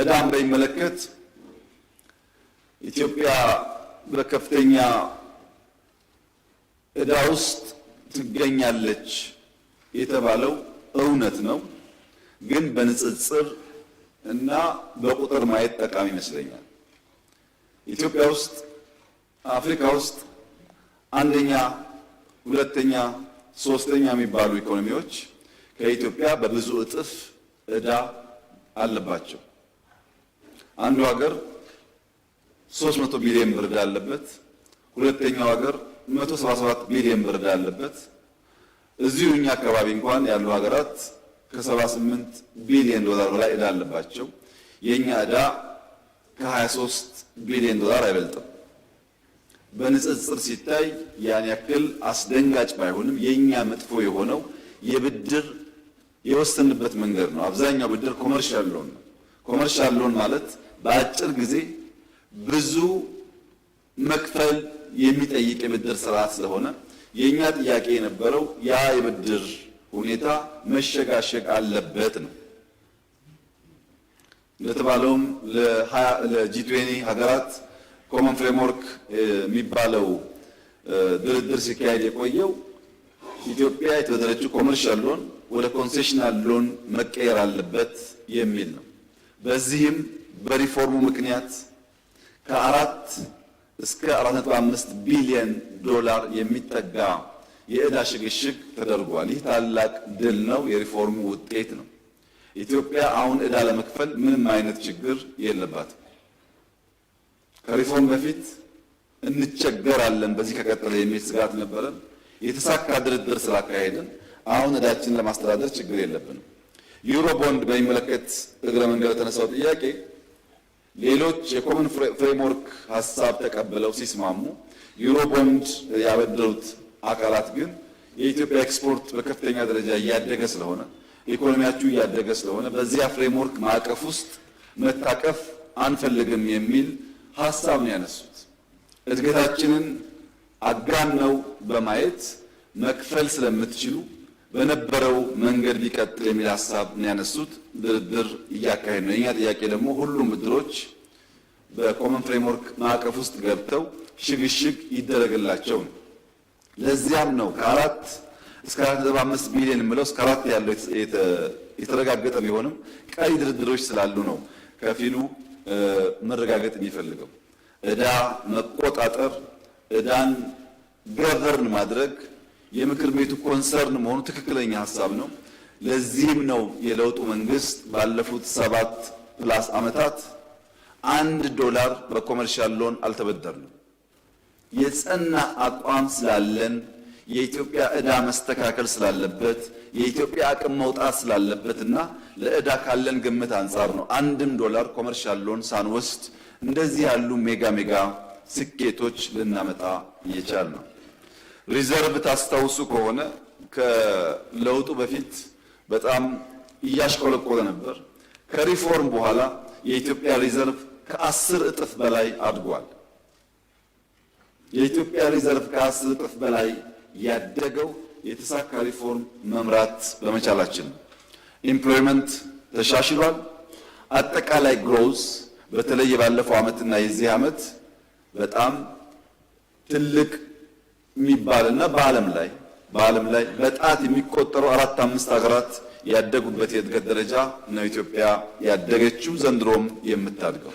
እዳን በሚመለከት ኢትዮጵያ በከፍተኛ እዳ ውስጥ ትገኛለች የተባለው እውነት ነው፣ ግን በንጽጽር እና በቁጥር ማየት ጠቃሚ ይመስለኛል። ኢትዮጵያ ውስጥ አፍሪካ ውስጥ አንደኛ፣ ሁለተኛ፣ ሶስተኛ የሚባሉ ኢኮኖሚዎች ከኢትዮጵያ በብዙ እጥፍ እዳ አለባቸው። አንዱ ሀገር 300 ቢሊዮን ብር ዕዳ አለበት። ሁለተኛው ሀገር 177 ቢሊዮን ብር ዕዳ አለበት። እዚሁ እኛ አካባቢ እንኳን ያሉ ሀገራት ከ78 ቢሊዮን ዶላር በላይ ዕዳ አለባቸው። የእኛ ከ23 ቢሊዮን ዶላር አይበልጥም። በንጽጽር ሲታይ ያን ያክል አስደንጋጭ ባይሆንም የኛ መጥፎ የሆነው የብድር የወሰንበት መንገድ ነው። አብዛኛው ብድር ኮመርሻል ሎን ነው። ኮመርሻል ሎን ማለት በአጭር ጊዜ ብዙ መክፈል የሚጠይቅ የብድር ስርዓት ስለሆነ የእኛ ጥያቄ የነበረው ያ የብድር ሁኔታ መሸጋሸግ አለበት ነው። እንደተባለውም ለጂ ሀገራት ኮመን ፍሬምወርክ የሚባለው ድርድር ሲካሄድ የቆየው ኢትዮጵያ የተበደረችው ኮመርሻል ሎን ወደ ኮንሴሽናል ሎን መቀየር አለበት የሚል ነው። በዚህም በሪፎርሙ ምክንያት ከአራት እስከ 4.5 ቢሊዮን ዶላር የሚጠጋ የዕዳ ሽግሽግ ተደርጓል። ይህ ታላቅ ድል ነው፣ የሪፎርሙ ውጤት ነው። ኢትዮጵያ አሁን ዕዳ ለመክፈል ምንም አይነት ችግር የለባትም። ከሪፎርም በፊት እንቸገራለን በዚህ ከቀጠለ የሚል ስጋት ነበረን። የተሳካ ድርድር ስላካሄድን አሁን ዕዳችንን ለማስተዳደር ችግር የለብንም። ዩሮ ቦንድ በሚመለከት እግረ መንገድ ለተነሳው ጥያቄ ሌሎች የኮመን ፍሬምወርክ ሀሳብ ተቀብለው ሲስማሙ ዩሮ ቦንድ ያበደሩት አካላት ግን የኢትዮጵያ ኤክስፖርት በከፍተኛ ደረጃ እያደገ ስለሆነ ኢኮኖሚያችሁ እያደገ ስለሆነ በዚያ ፍሬምወርክ ማዕቀፍ ውስጥ መታቀፍ አንፈልግም የሚል ሀሳብ ነው ያነሱት። እድገታችንን አጋነው በማየት መክፈል ስለምትችሉ በነበረው መንገድ ሊቀጥል የሚል ሀሳብ ነው ያነሱት። ድርድር እያካሄድ ነው። የኛ ጥያቄ ደግሞ ሁሉም ብድሮች በኮመን ፍሬምወርክ ማዕቀፍ ውስጥ ገብተው ሽግሽግ ይደረግላቸው ነው። ለዚያም ነው ከአራት እስከ አራት ነጥብ አምስት ቢሊዮን የምለው እስከ አራት ያለው የተረጋገጠ ቢሆንም ቀሪ ድርድሮች ስላሉ ነው ከፊሉ መረጋገጥ የሚፈልገው። እዳ መቆጣጠር፣ እዳን ገቨርን ማድረግ የምክር ቤቱ ኮንሰርን መሆኑ ትክክለኛ ሀሳብ ነው። ለዚህም ነው የለውጡ መንግስት ባለፉት ሰባት ፕላስ ዓመታት አንድ ዶላር በኮመርሻል ሎን አልተበደርንም። የጸና አቋም ስላለን የኢትዮጵያ ዕዳ መስተካከል ስላለበት የኢትዮጵያ አቅም መውጣት ስላለበት እና ለዕዳ ካለን ግምት አንጻር ነው አንድም ዶላር ኮመርሻል ሎን ሳንወስድ እንደዚህ ያሉ ሜጋ ሜጋ ስኬቶች ልናመጣ እየቻል ነው። ሪዘርቭ ታስታውሱ ከሆነ ከለውጡ በፊት በጣም እያሽቆለቆለ ነበር። ከሪፎርም በኋላ የኢትዮጵያ ሪዘርቭ ከአስር እጥፍ በላይ አድጓል። የኢትዮጵያ ሪዘርቭ ከአስር እጥፍ በላይ ያደገው የተሳካ ሪፎርም መምራት በመቻላችን ነው። ኢምፕሎይመንት ተሻሽሏል። አጠቃላይ ግሮዝ በተለይ ባለፈው ዓመትና የዚህ ዓመት በጣም ትልቅ የሚባልና በዓለም ላይ በዓለም ላይ በጣት የሚቆጠሩ አራት አምስት ሀገራት ያደጉበት የእድገት ደረጃ ነው ኢትዮጵያ ያደገችው ዘንድሮም የምታድገው።